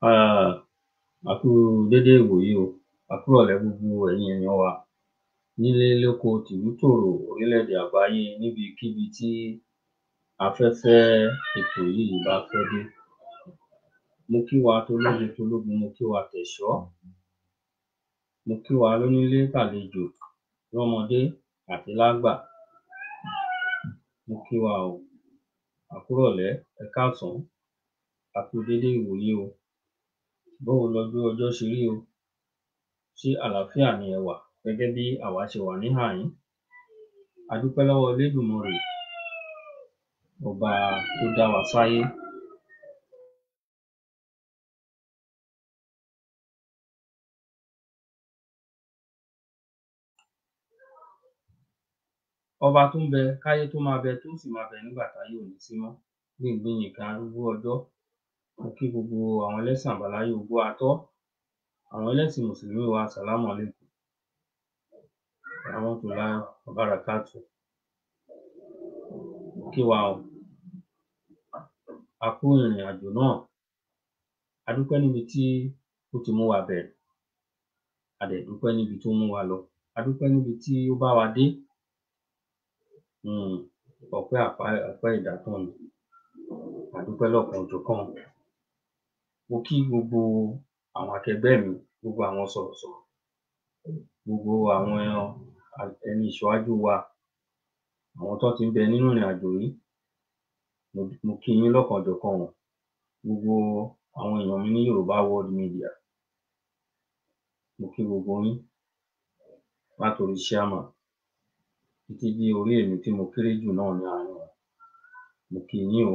um a kú dédé ìwòyí o, a kú ìrọ̀lẹ́ gbogbo ẹ̀yin èyàn wa nílé lóko tìlútòrò orílẹ̀-èdè àgbáyé níbikíbi tí afẹ́fẹ́ ètò yìí bá fẹ́ dé. Mo kí wa tológe tológun, mo kí wa tẹ̀ṣọ́, mo kí wa lónílé tàlejò, lọ́mọdé àti lágbà. Mo kí wa o, a kú ìrọ̀lẹ́, ẹ káàsán, a kú dédé ìwòyí o. Báwo lọjú ọjọ́ ṣe rí o? Ṣé àlàáfíà ni ẹ wà gẹ́gẹ́ bí àwa ṣe wà níhàyín? A dúpẹ́ lọ́wọ́ Elédùmarè Ọba tó dá wa sáyé. Ọba tó ń bẹ káyé tó máa bẹ tó sì máa bẹ nígbà táyé ò ní sí mọ́. Gbéngbénìkan arúgbó ọjọ́ Mo kí gbogbo àwọn ẹlẹ́sìn àbáláyé gbogbo atọ́, àwọn ẹlẹ́sìn mùsùlùmí wa Sàlámù aléèkùm warahmatullahi wabarakatuh. Mo kí wa o, a kú ìrìnàjò náà, a dúpẹ́ níbi tí ó ti mú wa bẹ̀rẹ̀, a dẹ̀ dúpẹ́ níbi tó mú wa lọ, a dúpẹ́ níbi tí ó bá wa dé, um hmm, ọpẹ́ àpá ọpẹ́ ìdátán ni, a dúpẹ́ lọ́kan-ò-jọ̀kan. Mo kí gbogbo àwọn akẹgbẹ́ mi, gbogbo àwọn sọ̀rọ̀sọ̀rọ̀, gbogbo àwọn ẹni ìṣíwájú wa, àwọn tán ti ń bẹ nínú ìrìnàjò yìí, mo kí yín lọ́kan-ò-jọ̀kan o, gbogbo àwọn èèyàn mi ní Yorùbá World Media, mo kí gbogbo yín látorí chairman títí dé orí èmi tí mo kéré jù náà ní àárín wọn, mo kí yín o.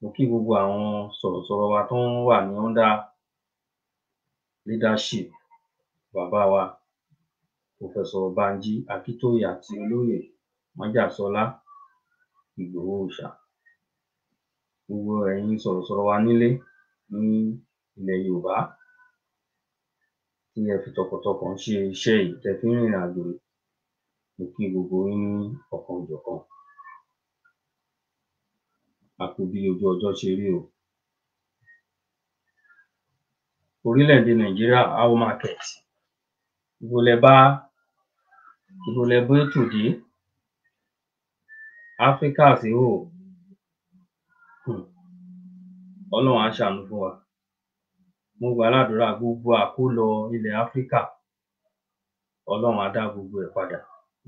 Mo kí gbogbo àwọn sọ̀rọ̀sọ̀rọ̀ wa tán wà ní under leadership bàbá wa Professor Banji Akintoye àti Olóyè Májàsọ́lá Ìgbòho Òòṣà. Gbogbo ẹ̀yin sọ̀rọ̀sọ̀rọ̀ wa nílé ní ilẹ̀ Yorùbá tí ẹ fi tọkàntọkàn ṣe iṣẹ́ yìí, tẹ fi ń rìnrìnàjò yìí, mo kí gbogbo yín ní ọ̀kan a kú bí ojú ọjọ́ ṣe rí o. Orílẹ̀-èdè Nàìjíríà How market? Ibo lẹ bá ibo lẹ b'étò dé? Áfríkà síhòhò um Ọlọ́run á ṣàánú fún wa. Mo gbà gbogbo àkólọ ilẹ̀ Áfríkà Ọlọ́run á dá gbogbo ẹ̀ padà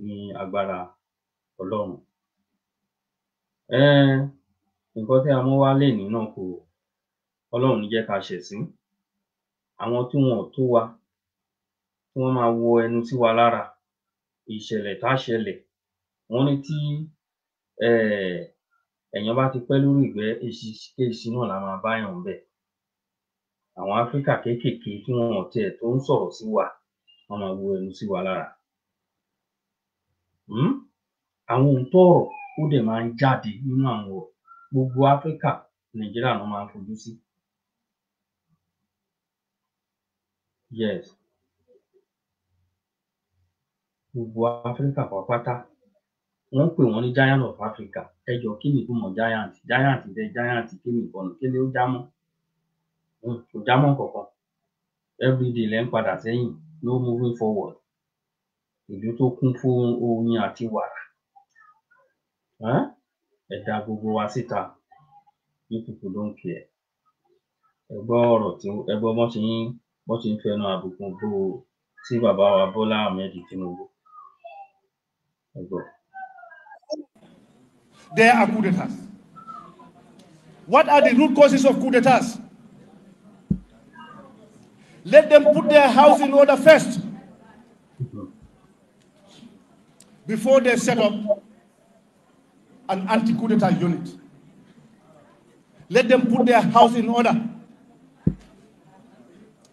ní agbára Ọlọ́run. um Nǹkan tí a mú wá lénìí náà kò Ọlọ́run ò ní jẹ́ ka ṣẹ̀sín. Àwọn tí wọn ò tó wa, tí wọ́n máa wọ ẹnu sí wa lára, ìṣẹ̀lẹ̀ tá ṣẹlẹ̀, wọ́n ní tí um èèyàn bá ti pẹ́ lórí ìgbẹ́, eṣinṣin náà lá máa báàyàn ńbẹ̀. Àwọn Áfríkà kéékèèké tí wọn ò tiẹ̀ tó ń sọ̀rọ̀ sí wa, wọ́n máa wọ ẹnu sí wa lára. um Àwọn òótọ́ ọ̀rọ̀ ó dẹ̀ máa ń jáde nínú àwọn ọ̀rọ̀ gbogbo áfíríkà nàìjíríà ló máa ń fojú sí yes gbogbo áfíríkà pátápátá wọn ń pè wọn ní giant of africa ẹ jọ kí ni ìtumọ̀ giant giant dẹ giant kí ni ìkànnì kí ni ó já mọ́ hmm, kò já mọ́ nǹkankan everyday lẹ̀ ń padà sẹ́yìn no moving forward ìlú tó kún fún oyin àti wàrà um ẹ gbogbo wa síta you people don't care ẹ gbọ́ ọ̀rọ̀ tí ẹ gbọ́ bọ́n ṣe ń bọ́n ṣe ń fẹnu àbùkù bo sí bàbá wa Bọ́lá Ahmed Tinubu ẹ gbọ́. There are coup d'etats. What are the root causes of coup d'etats? Let them put their house in order first mm-hmm. before they set up an anti-coup d'etat unit. Let them put their house in order.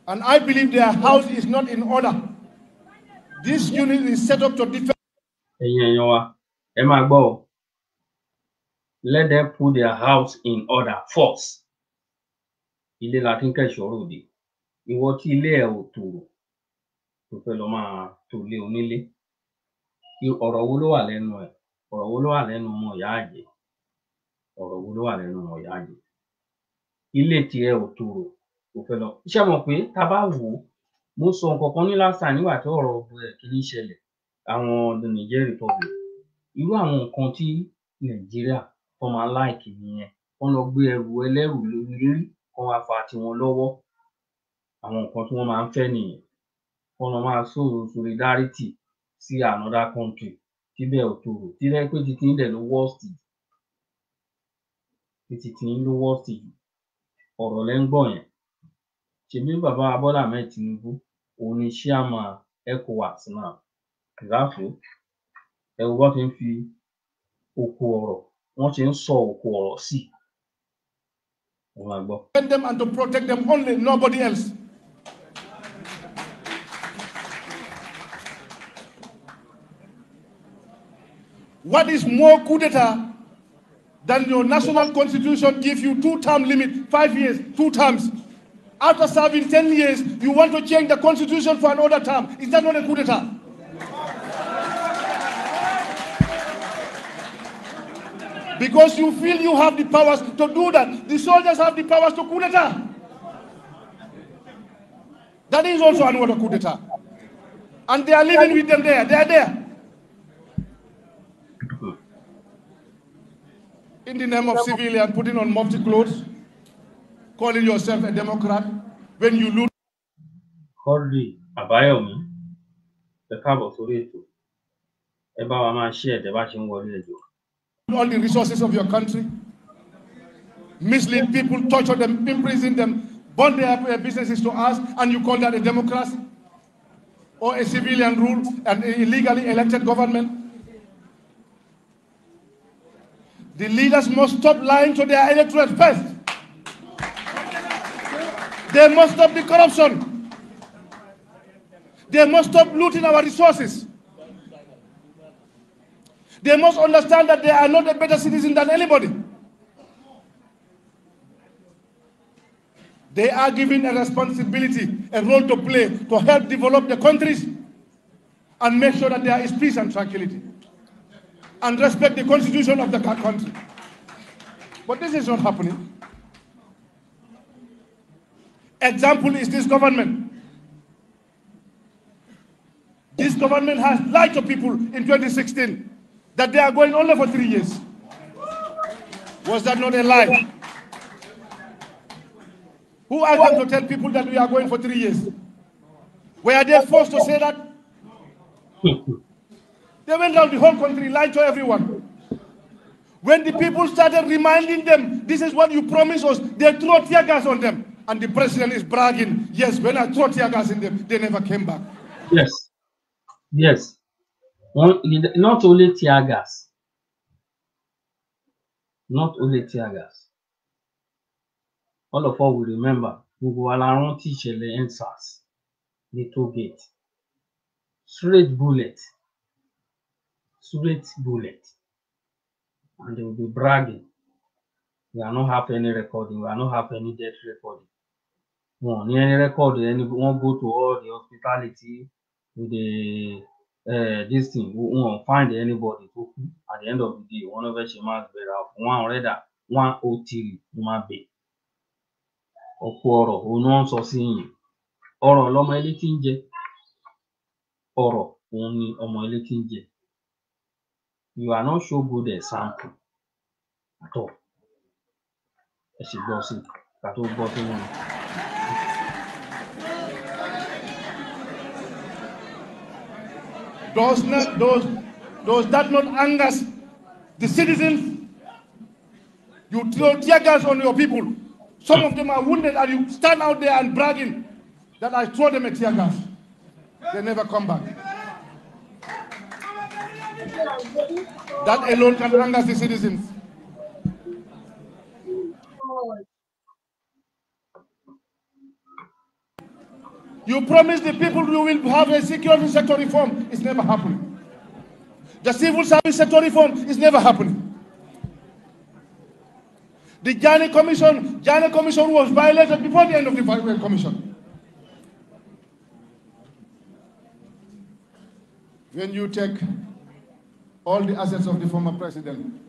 And I believe their house is not in order. This unit is set up to defend. ẹ̀yin ẹ̀yàn wa ẹ máa gbọ́ ọ let them put their house in order first. ilé la ti ń kẹ̀sọ́rò dé ìwọ tí ilé ẹ̀ ò tòrò tó fẹ́ lọ máa tòlé onílé ọ̀rọ̀ wo ló wà lẹ́nu ẹ̀ ọ̀rọ̀ wo ló wà lẹ́nu ọmọ ìyá àjẹ́ ọ̀rọ̀ wo ló wà lẹ́nu ọmọ ìyá àjẹ́ ilé tìrẹ ò tòrò o fẹ́ lọ ṣé ẹ mọ̀ pé tá a bá wò mo sọ nǹkan kan ní last time nígbà tí ọ̀rọ̀ kìíní ṣẹlẹ̀ àwọn the Niger Republic irú àwọn nǹkan tí Nàìjíríà tán máa like nìyẹn kán lọ gbé ẹrù ẹlẹ́rù lérí kán wá fa tiwọn lọ́wọ́ àwọn nǹkan tí wọ́n máa ń fẹ́ nìyẹn kán lọ máa show solidarity sí another country tíbẹ̀ ò tí ó pé ti tiyín ló worst jù pé ti tiyín ló worst jù ọ̀rọ̀ lẹ̀ ń gbọ́ yẹn ṣèbí bàbá Bọ́lá Ahmed Tinubu òun ni chairman ECOWAS now exactly ẹ wo bọ́n ṣe ń fi oko ọ̀rọ̀ wọ́n ṣe ń sọ oko ọ̀rọ̀ sí i ẹ máa gbọ́. Defend them and to protect them only, nobody else. What is more coup d'etat than your national constitution give you two-term limit, five years, two terms? After serving 10 years, you want to change the constitution for another term. Is that not a coup d'etat? Because you feel you have the powers to do that. The soldiers have the powers to coup d'etat. That is also another coup d'etat. And they are living with them there. They are there. in the name of civilian putting on mufti clothes, calling yourself a Democrat, when you lose. Kọ́lì Àbáyọ̀mí ẹ káàbọ̀ sórí ètò ẹ bá wa máa ṣí ẹ̀dẹ̀ bá All the resources of your country, mislead people, torture them, imprison them, burn their businesses to us, and you call that a democracy or a civilian rule, an illegally elected government? The leaders must stop lying to their electorate first. They must stop the corruption. They must stop looting our resources. They must understand that they are not a better citizen than anybody. They are given a responsibility, a role to play to help develop the countries and make sure that there is peace and tranquility and respect the constitution of the country. But this is not happening. Example is this government. This government has lied to people in 2016 that they are going only for three years. Was that not a lie? Who asked them to tell people that we are going for three years? Were they forced to say that? They went around the whole country, lied to everyone. When the people started reminding them, this is what you promised us, they threw tear gas on them. And the president is bragging, yes, when I threw tear gas in them, they never came back. Yes. Yes. Well, not only tear gas. Not only tear gas. All of us will remember gbogbo wa teach the ìṣẹ̀lẹ̀ The ní gate. straight bullet straight bullet. And they will be bragging. We are not have any recording. We are not have any death recording. One, no, any record, any one go to all the hospitality with the uh, this thing. We won't find anybody at the end of the day. One of us must be one rather one OT human being. Ọ̀pọ̀ ọ̀rọ̀ òun ni wọ́n sọ sí yìnyín. Ọ̀rọ̀ lọmọ ilé tí ń jẹ. Ọ̀rọ̀ you are not so good example at all. Ẹ ṣì gbọ́ sí i ká tó gbọ́ sínú Does, not, does, does that not anger the citizens? You throw tear gas on your people. Some of them are wounded, and you stand out there and bragging that I throw them a tear gas. They never come back. That alone can anger the citizens. You promised the people you will have a security sector reform. It's never happening. The civil service sector reform is never happening. The Jani Commission, Jani Commission was violated before the end of the Fairwell uh, Commission. When you take all the assets of the former president.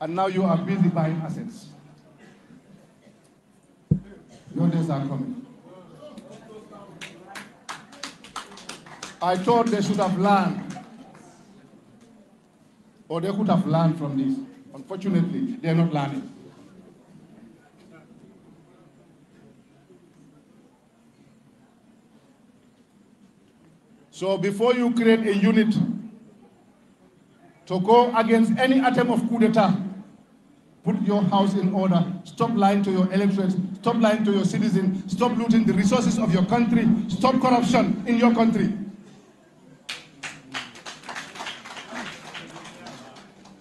And now you are busy buying assets. Your days are coming. I thought they should have learned, or they could have learned from this. Unfortunately, they are not learning. So before you create a unit to go against any attempt of coup d'etat. Put your house in order. Stop lying to your electorate. Stop lying to your citizens. Stop looting the resources of your country. Stop corruption in your country.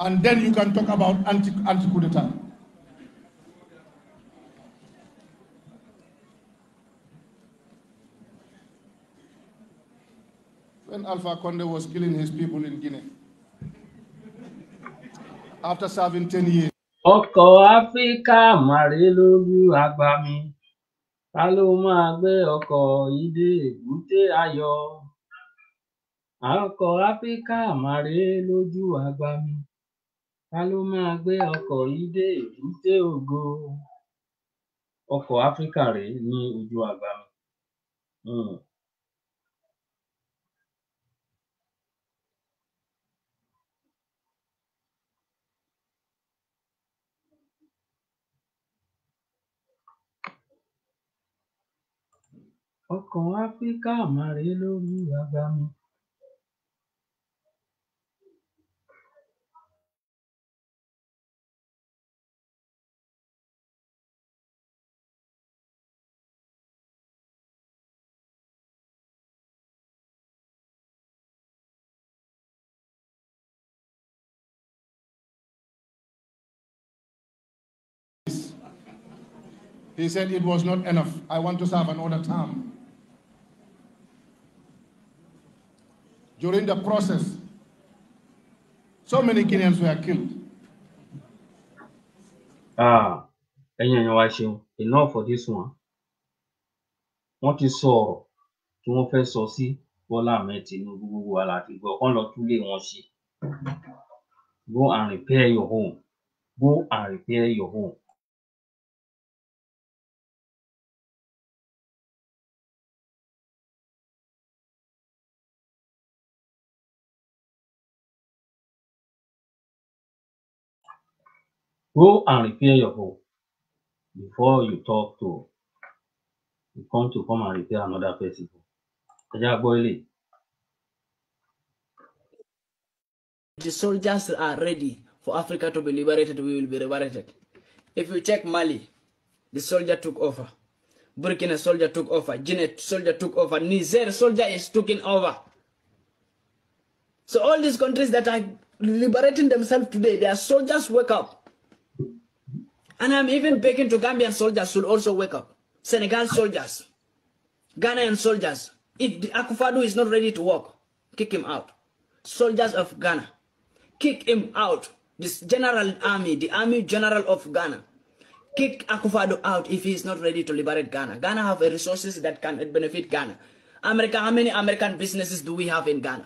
And then you can talk about anti, anti coup d'etat. When Alpha Conde was killing his people in Guinea, after serving ten years. ọkọ̀ áfíríkà màrè àgbà mi ta ló máa gbé ọkọ̀ yìí dé èbúté ayọ̀ ọkọ̀ áfíríkà màrè àgbà mi ta ló máa gbé ọkọ̀ yìí dé èbúté ògo ọkọ̀ áfíríkà rèé ní ojú àgbà mi. Mm. ọkàn áfíríkà He said it was not enough. I want to serve another term. during the process. So many Kenyans were killed. Ah, ẹ̀yin ẹ̀yin wa ṣeun enough for this one. Wọ́n ti sọ ọ̀rọ̀ tí wọ́n fẹ́ sọ sí Bọ́lá Ahmed Tinubu gbogbo wa láti gbọ́ kán lọ túlé wọn ṣe. Go and repair your home. Go and repair your home. Go and repair your hole before you talk to you come to come and repair another person The soldiers are ready for Africa to be liberated. We will be liberated. If you check Mali, the soldier took over. Burkina soldier took over. Guinea soldier took over. Niger soldier is taking over. So all these countries that are liberating themselves today, their soldiers wake up. And I'm even begging to Gambian soldiers should also wake up. Senegal soldiers, Ghanaian soldiers. If Akufadu is not ready to work, kick him out. Soldiers of Ghana, kick him out. This general army, the army general of Ghana, kick Akufadu out if he is not ready to liberate Ghana. Ghana have resources that can benefit Ghana. America, how many American businesses do we have in Ghana?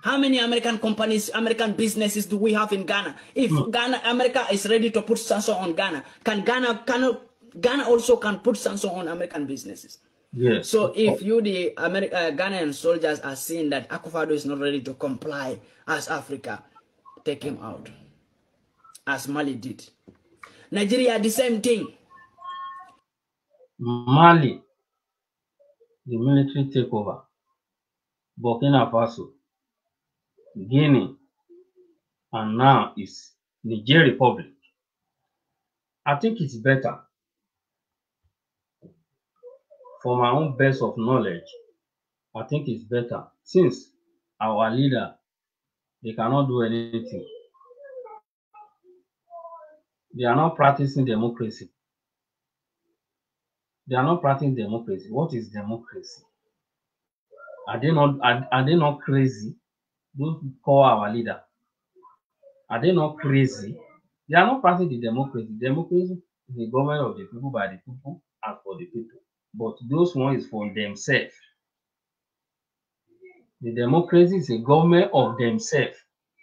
How many American companies, American businesses do we have in Ghana? If mm. Ghana, America is ready to put sanctions on Ghana, can Ghana, can, Ghana also can put sanctions on American businesses? Yes. So if you, the American uh, Ghanaian soldiers, are seeing that Akufado is not ready to comply as Africa, take him out, as Mali did. Nigeria, the same thing. Mali, the military takeover. Burkina Faso, Guinea, and now is Niger Republic. I think it's better for my own base of knowledge. I think it's better since our leader, they cannot do anything. They are not practicing democracy. They are not practicing democracy. What is democracy? Are they not are, are they not crazy? don't call our leader. Are they not crazy? They are not passing the democracy. Democracy is the government of the people, by the people, and for the people. But those one is for themselves. The democracy is a government of themselves.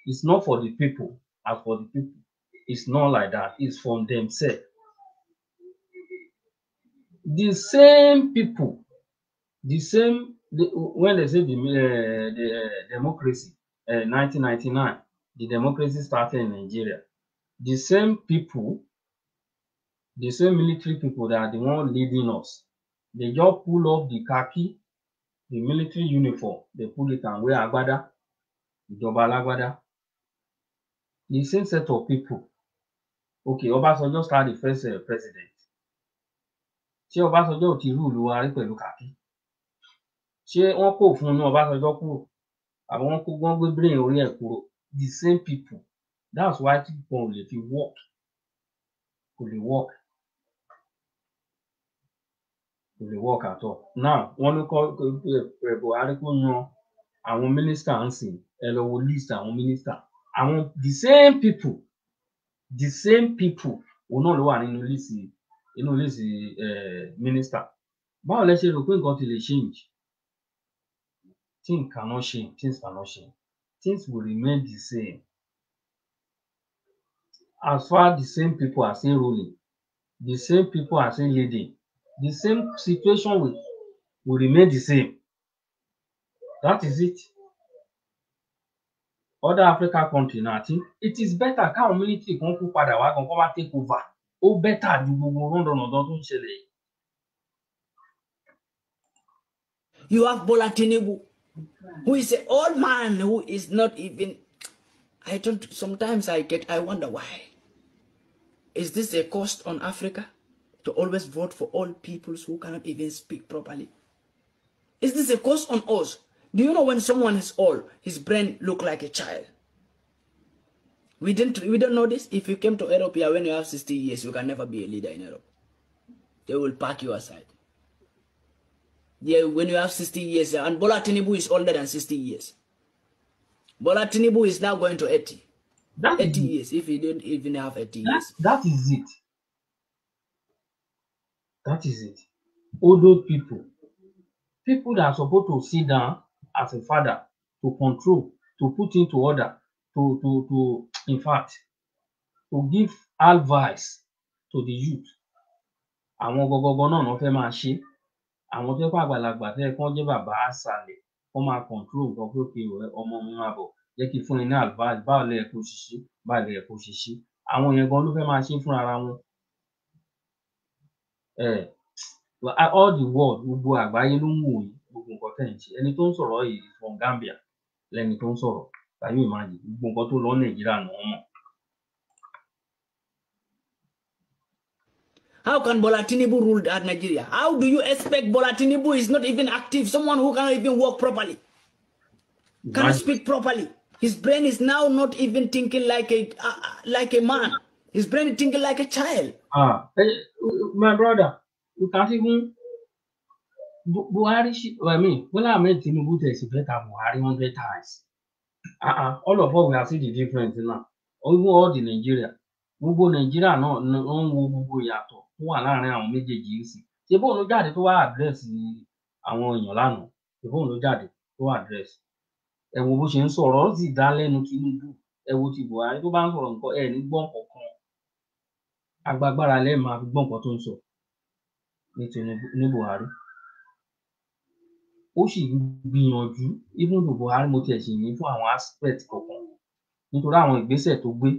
It's not for the people and for the people. It's not like that. It's for themselves. The same people, the same, the, when they say the, uh, the uh, democracy, 1999, eh, the democracy started in Nigeria. The same people, the same military people that are the one leading us, they just pull off the khaki, the military uniform, they pull it and wear agbada, ìjọba agbada. The same set of people. Okay, Obasanjo started the first uh, president. Ṣé Obasanjo ò ti rúùlù wa rí pẹ̀lú khaki? Ṣé wọ́n kò fún un ní Obasanjo kúrò? àwọn kó wọ́n gbé brain orí ẹ̀ kúrò the same people that's why tí kan ò lè fi work kò lè work kò lè work at all now wọ́n ní kọ́ Buhari kó yan àwọn mínísítà ń sìn ẹ lọ wo list àwọn mínísítà àwọn the same people the same people òun náà ló wà nínú lísì list, lísì eh, mínísítà báwo lẹ ṣe rò pé nǹkan ti lè change thing cannot change, things cannot change. Things will remain the same. As far the same people are still ruling, the same people are still leading, the same situation will will remain the same. That is it. Other African country now think it is better káwọn military kan kú padà wá gan kán wá take over. Ó better ju gbogbo rọ́ndọ̀nàdán tó ń ṣẹlẹ̀ You have Bola Tinubu who is an old man who is not even i don't sometimes i get i wonder why is this a cost on africa to always vote for old peoples who cannot even speak properly is this a cost on us do you know when someone is old his brain look like a child we didn't we don't know this if you came to europe here when you have 60 years you can never be a leader in europe they will pack you aside yeah, when you have 60 years, and Bola Tinubu is older than 60 years. Bola Tinubu is now going to 80. That 80 years, if he didn't even have 80 that, years. That is it. That is it. Older people, people that are supposed to sit down as a father, to control, to put into order, to, to, to in fact, to give advice to the youth. Àwọn gọgọgọ náà go fẹ́ máa ṣe é àwọn tó jẹ́ pé àgbàlagbà tó yẹ kí wọ́n jẹ́ bàbá àṣàlẹ̀ wọ́n máa control nǹkan pé òkè ọmọ mi máa bọ̀ jẹ́ kí n fún ẹ ní advice báwo ló yẹ kó ṣe ṣe báwo ló yẹ kó ṣe ṣe àwọn yẹn gan ló fẹ́ máa ṣe fún ara wọn um all the world gbogbo àgbáyé ló ń wò yín gbogbo nǹkan tẹ́ ẹ̀ ń ṣe ẹni tó ń sọ̀rọ̀ yìí from Gambia lẹni tó ń sọ̀rọ̀ can you imagine gbogbo nǹkan tó lọ ní Nàìjíríà ni wọ́n mọ̀ How can Bolatini Tinubu rule at Nigeria? How do you expect Bolatini Tinubu is not even active, someone who cannot even work properly, cannot speak properly. His brain is now not even thinking like a uh, uh like a man. His brain is thinking like a child. Ah, eh, my brother, you can't even. Buhari, I mean, when I met Tinubu is better Buhari hundred times. Uh-uh. All of us we have see the difference now. Even all the Nigeria, go Nigeria no, ń wo gbogbo yàtọ̀. ó wà láàrin àwọn méjèèjì yìí sìn ṣe bóun ló jáde tó wá àdírẹ́sì àwọn èèyàn lánàá ṣe bóun ló jáde tó wá àdírẹ́sì ẹ wo bó ṣe ń sọ̀rọ̀ ó sì dá lẹ́nu Tinubu ẹ wo ti Buhari tó bá ń sọ̀rọ̀ nǹkan ẹ ní gbọ́n kankan agbagbára lẹ́ẹ̀ máa fi gbọ́n nǹkan tó ń sọ ní Tinubu ní Buhari ó sì gbìyànjú even though Buhari mo tiẹ̀ sì yìn fún àwọn aspect kọ̀ọ̀kan nítorí àwọn ìgbésẹ̀ tó gbé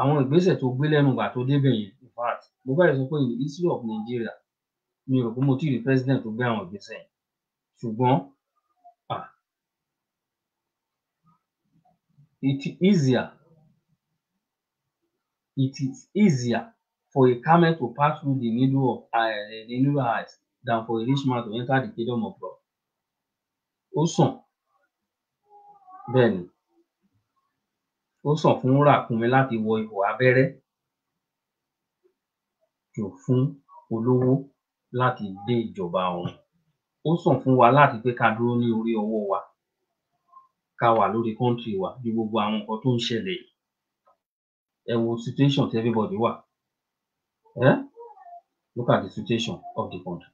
àwọn ìgbésẹ̀ tó gbé lẹ́nu ìgbà tó débẹ̀ yẹn fact mo fẹ́rẹ̀ sọ pé in the history of Nigeria mi ò rò pé mo ti rí president tó gbé àwọn ìgbésẹ̀ yẹn ṣùgbọ́n it is easier it is easier for a camel to pass through the middle of uh, the middle eyes than for a rich man to enter the kingdom of God ó sàn bẹ́ẹ̀ ni ó sàn fún ràkúnmi láti wọ ihò abẹ́rẹ́ jù fún olówó láti dé ìjọba wọn. Ó sàn fún wa láti pé ká dúró ní orí ọwọ́ wa, ká wà lórí country wa ju gbogbo àwọn nǹkan tó ń ṣẹlẹ̀ yìí. Ẹ wo situation tí everybody wà. um Look at the situation of the country.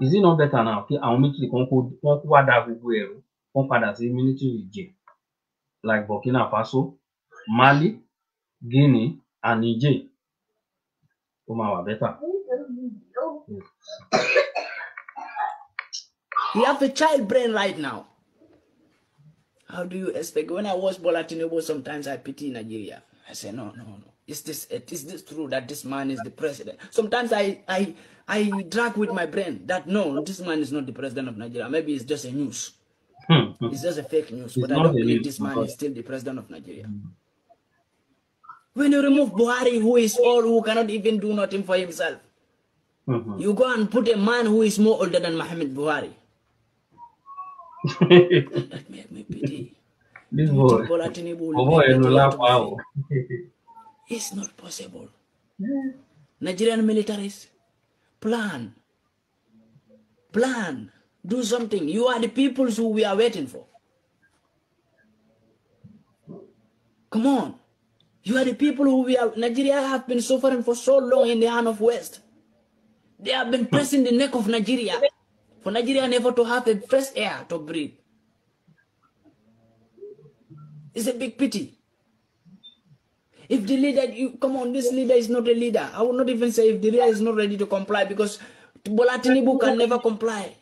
Is it not better now pé àwọn military kán kó kán wá da gbogbo ẹ̀ rú, kán padà sí military ìjẹ̀ like Burkina Faso, Mali, Guinea and Niger. You have a child brain right now. How do you expect? When I watch Bola Tinubu, sometimes I pity Nigeria. I say, no, no, no. Is this eh, is this true that this man is the president? Sometimes I I I drag with my brain that no, this man is not the president of Nigeria. Maybe it's just a news. Hmm, hmm. it's just a fake news. It's but I don't believe this man is still the president of Nigeria. Mm -hmm. When you remove Buhari, who is old, who cannot even do nothing for himself, mm -hmm. you go and put a man who is more older than Mohammed Buhari. it's not possible. Nigerian militaries, plan, plan, do something. You are the peoples who we are waiting for. Come on. You are the people who we have Nigeria have been suffering for so long in the hand of West. They have been pressing the neck of Nigeria for Nigeria never to have a fresh air to breathe. It's a big pity. If the leader, you come on, this leader is not a leader. I will not even say if the leader is not ready to comply because Bola Bu can never comply.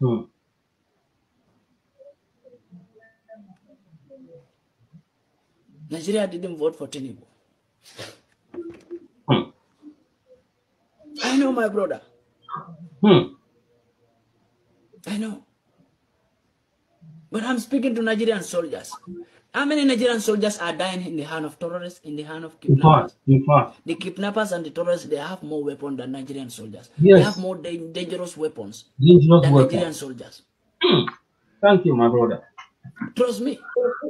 Hmm. Nigeria didn't vote for Tinubu. Hmm. I know my brother. Hmm. I know. But I'm speaking to Nigerian soldiers. How many Nigerian soldiers are dying in the hand of terrorists, in the hand of kidnappers? In part, The kidnappers and the terrorists, they have more weapons than Nigerian soldiers. Yes. They have more dangerous weapons dangerous than Nigerian soldiers. Hmm. Thank you, my brother. Trust me.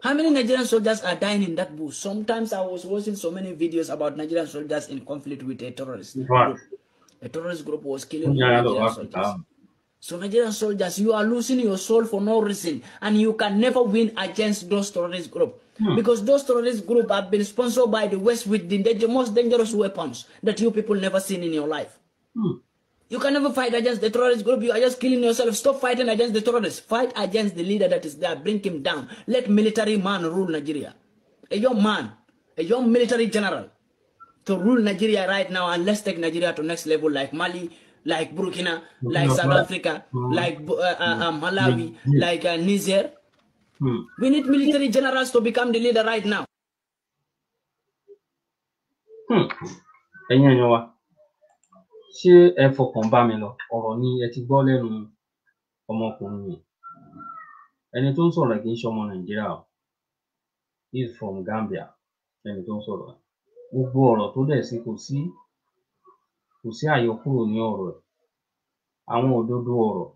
How many Nigerian soldiers are dying in that bush? Sometimes I was watching so many videos about Nigerian soldiers in conflict with a terrorist group. A terrorist group was killing yeah, Nigerian soldiers. Down. So Nigerian soldiers, you are losing your soul for no reason, and you can never win against those terrorist group hmm. because those terrorist group have been sponsored by the West with the, the most dangerous weapons that you people never seen in your life. Hmm. You can never fight against the terrorist group. You are just killing yourself. Stop fighting against the terrorists. Fight against the leader that is there. Bring him down. Let military man rule Nigeria. A young man, a young military general to rule Nigeria right now and let's take Nigeria to next level like Mali, like Burkina, like South Africa, mm. like uh, uh, um, mm. Malawi, mm. like uh, Niger. We need military generals to become the leader right now. Hmm. ṣé ẹ fọkàn bá mi lọ ọ̀rọ̀ ni ẹ ti gbọ́ lẹ́nu ọmọkùnrin yẹn ẹni tó ń sọ̀rọ̀ yìí kì í ṣọmọ nàìjíríà o he is from Gambia lẹni tó ń sọ̀rọ̀ yìí gbogbo ọ̀rọ̀ tó dẹ̀ sọ kò sí kò sí àyọkúrò ní ọ̀rọ̀ ẹ̀ àwọn òdodo ọ̀rọ̀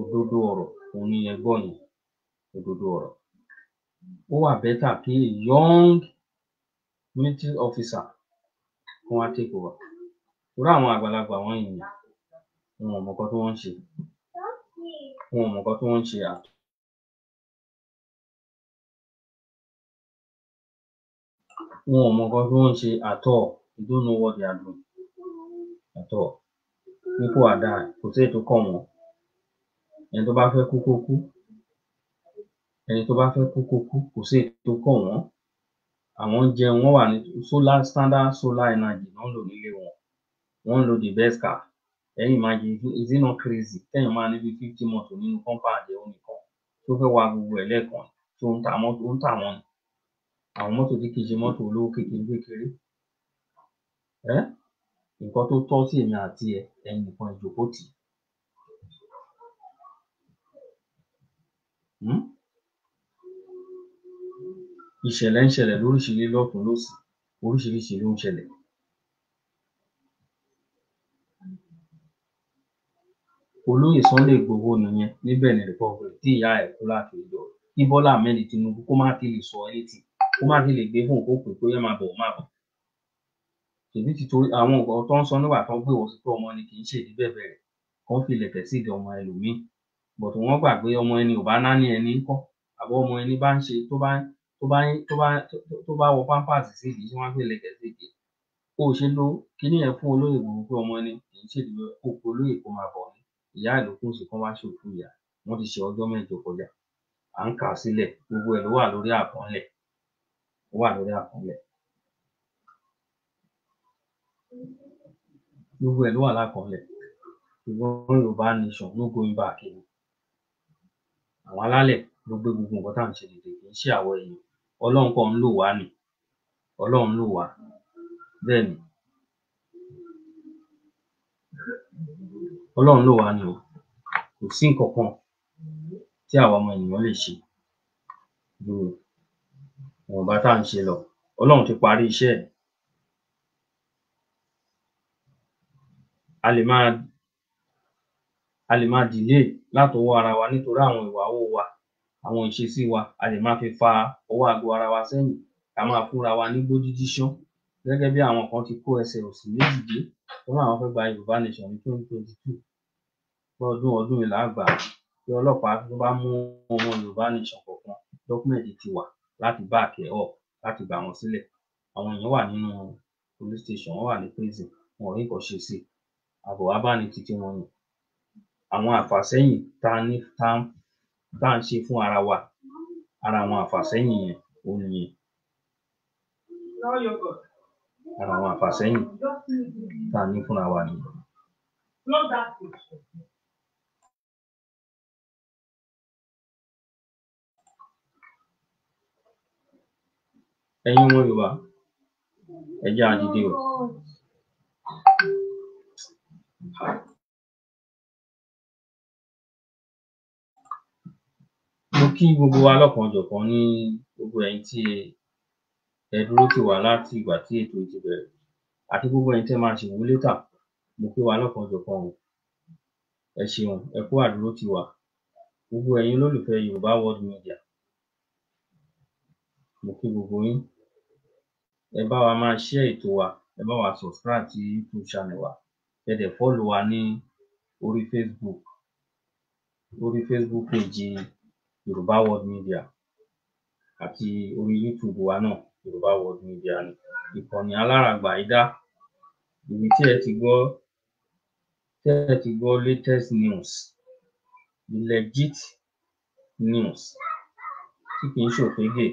òdodo ọ̀rọ̀ òhun ni ẹ gbọ́ yẹn òdodo ọ̀rọ̀ ó wà better kí a young military officer kí wọ́n á take over Irú àwọn àgbàlagbà wọ̀nyí wọn ò mọ nǹkan tí wọ́n ń ṣe, wọn ò mọ nǹkan tí wọ́n ń ṣe at wọn ò mọ nǹkan tí wọ́n ń ṣe at all, they don't know what they are doing at all. People are dying, kò sí èyí tó kàn wọ́n. Ẹni tó bá fẹ́ kú kó kú, ẹni tó bá fẹ́ kú kó kú, kò sí èyí tó kàn wọ́n. Àwọn ń jẹun, wà ní solar standard solar energy ni wọ́n ń lò nílé wọn wọ́n ń lo the best car. Then imagine is it not crazy kéèyàn máa ní bí fifty mọ́tò nínú compound ẹ̀ òun nìkan tó fẹ́ wa gbogbo ẹ̀ lẹ́ẹ̀kan ṣó ń ta mọ́tò, ó ń tà wọ́n ni. Àwọn mọ́tò tí kì í ṣe mọ́tò olówó kékeré kékeré. um Nǹkan tó tọ́ sí èmi àti ẹ, ẹ̀yin nìkan ẹ jòkó tì í. um Ìṣẹ̀lẹ̀ ń ṣẹlẹ̀ lóríṣiríṣi lọ́tùn-ún lósì, oríṣiríṣi ló ń ṣẹlẹ̀. olóyè sunday igbodò nìyẹn ní benin republic tí ìyá ẹ kú lákìígbò kí bọlá ahmed tinubu kó má ti lè sọ ẹ létí kó má ti lè gbé fún òkú pé kóyá máa bọ máa bọ tèmi ti torí àwọn nǹkan tó ń sọ nígbà tó ń pè wọ́n pé ọmọ ni kì í ṣèdí bẹ̀bẹ̀ rẹ̀ kan fi lẹ̀kẹ̀ sí ìdí ọmọ ẹlòmíì but wọ́n gbà pé ọmọ ẹni ò bá náání ẹni ń àbọ̀ ọmọ ẹni bá ń ṣe tó bá wọ pampers sí ìdí tí wọ́n fi lẹ̀kẹ̀ sí ìdí o ṣe lo kíní yẹn fún olóyè gbogbo pé ọmọ ẹni kì í ṣèdí bẹ̀bẹ̀ kó olóyè kó máa bọ̀ ní ìyá ìlókùnṣú kán wá ṣòkú ìyá, wọ́n ti ṣe ọjọ́ mẹ́jọ kọjá, à ń kà á sílẹ̀, gbogbo ẹ̀ ló wà lórí àkọọ́lẹ̀, ó wà lórí àkọọ́lẹ̀. Gbogbo ẹ̀ ló wà lákọọ́lẹ̀ ṣùgbọ́n Yorùbá nation no going back ni. Àwọn alálẹ̀ ló gbé gbogbo nǹkan tá à ń ṣe dìde kì í ṣe àwa èèyàn, Ọlọ́run kàn ń lò wá ni, Ọlọ́run lò wá, bẹ́ẹ̀ ni. Ọlọ́run ló wá ni o, kò sí nǹkan kan tí àwa ọmọ ènìyàn lè ṣe ju ìwọ̀nba tá à ń ṣe lọ. Ọlọ́run ti parí iṣẹ́ ẹ̀. A lè máa a lè máa delay látọwọ́ ara wa nítorí àwọn ìwàwó wa, àwọn ìṣesí wa, a lè máa fi fa ọwọ́ aago ara wa sẹ́yìn, ká máa fúnra wa ní gbójúdíṣán gẹ́gẹ́ bí àwọn kan ti kó ẹsẹ̀ òsì méjì dé, wọ́n láwọn fẹ́ gba Yorùbá nation ní twenty twenty two lọ́dún ọdún yìí làá gbà á tí ọlọ́pàá tó bá mú ọmọ Yorùbá nation kankan dọ́kúmẹ̀ǹtì ti wà láti back ẹ̀ up láti gbà wọ́n sílẹ̀. Àwọn èèyàn wà nínú police station, wọ́n wà ní prison, wọn ò rí nǹkan ṣe sí i. Àbọ̀wábání ti tiwọn ni. Àwọn àfàsẹ́yìn tá a ní tá ń tá ń ṣe fún ara wa, ara àwọn àfàsẹ́yìn yẹn òhun nìyẹn. Ara àwọn àfàsẹ́yìn tá ní fúnra wa nìyẹn. ẹ̀yin ọmọ Yorùbá ẹ jẹ́ á dìde o. mo kí gbogbo wa lọ́kan-ò-jọ̀kan ní gbogbo ẹ̀yin tí ẹ dúró tì wá láti ìgbà tí ètò yìí ti bẹ̀rẹ̀ àti gbogbo ẹ̀yin tí ẹ máa ṣì wò ó létà mo kí wa lọ́kan-ò-jọ̀kan o ẹ ṣeun ẹ kú àdúrótì wa gbogbo ẹ̀yin olólùfẹ́ Yorùbá World Media mo kí gbogbo yín ẹ bá wa máa share ètò wa ẹ bá wa subscribe sí youtube channel wa ẹ dẹ̀ follow wa ní orí facebook lórí facebook page yorùbá world media àti orí youtube wa náà yorùbá world media ni ìkànnì alárààgbàídá ibi tí ẹ ti gbọ́ tí ẹ ti gbọ́ latest news the legit news tí kì í ṣòfégè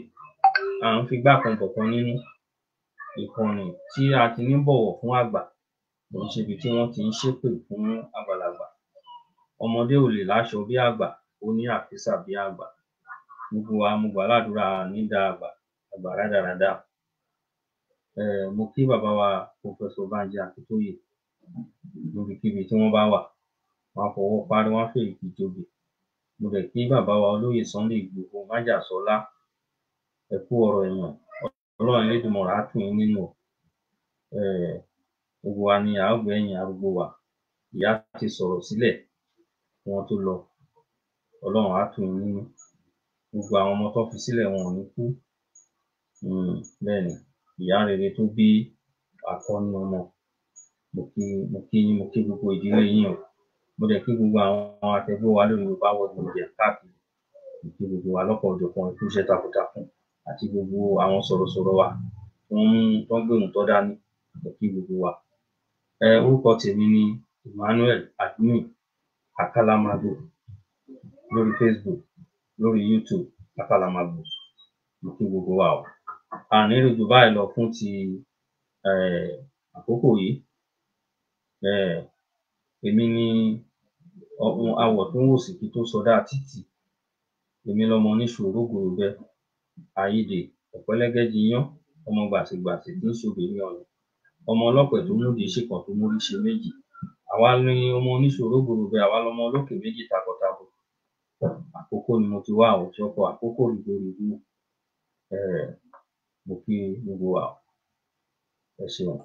à ń figbá kan bọ̀kan nínú ìkànnì tí a ti ní bọ̀wọ̀ fún àgbà kò ń ṣebi tí wọ́n ti ń ṣépè fún àgbàlagbà ọmọdé ò lè láṣọ bí àgbà ó ní àkísà bí àgbà gbogbo wa mo gbà ládùúrà a ní da àgbà àgbà rádaràda um mo kí bàbá wa Professor Banji Akintoye níbikíbi tí wọ́n bá wà wọ́n á fọwọ́ párí wọ́n á fèyìntì joyè mo dẹ̀ kí bàbá wa olóyè Sunday Igboho májàsọ́lá ẹ kú ọ̀rọ̀ ìmọ̀ ọlọ́run elédùnmọ̀rà á tù nínú gbogbo wa ni a ó gbẹ̀yìn arúgbó wa ìyá ti sọ̀rọ̀ sílẹ̀ kí wọ́n tó lọ ọlọ́run á tù nínú gbogbo àwọn ọmọ tán fi sílẹ̀ wọn ò ní kú um ni ìyá rere tó bí àkọ́bí ọmọ mo kí mo yín mo kí gbogbo ìdílé yín o mo dẹ̀ kí gbogbo àwọn akẹgbẹ́ wa lórí Yorùbá World Media káàkiri mo kí gbogbo wa lọ́pọ̀ òjọ̀kan ẹ kú iṣẹ́ takuntakun àti gbogbo àwọn sọ̀rọ̀sọ̀rọ̀ wa tó ń tó ń gbèròǹtọ́ dání mo gbogbo wa. um Orúkọ tèmi ni Emmanuel Admin Akálámago lórí Facebook, lórí YouTube Akálámago. Mo kí gbogbo wa o. A ní rí jù báyìí lọ fún ti um àkókò yìí. um Èmi ni awọ̀túnwòsì kí n tó sọdá títì, èmi lọmọ oníṣu orógùrùgbẹ Àyidè ọ̀pẹ́lẹ́gẹ́ jiyán, ọmọ gbàsìgbàsì tó ṣobìnrin ọ̀nà, ọmọ ọlọ́pẹ̀ tó lóge ṣèkàn tó mórí ṣe méjì, àwa ni ọmọ oníṣòro bòròbẹ, àwa lọmọ olókè méjì takọtabo. Àkókó ni mo ti wá o, ṣọkọ àkókó rìbórìbó. um Mo kí gbogbo wa ẹ ṣeun.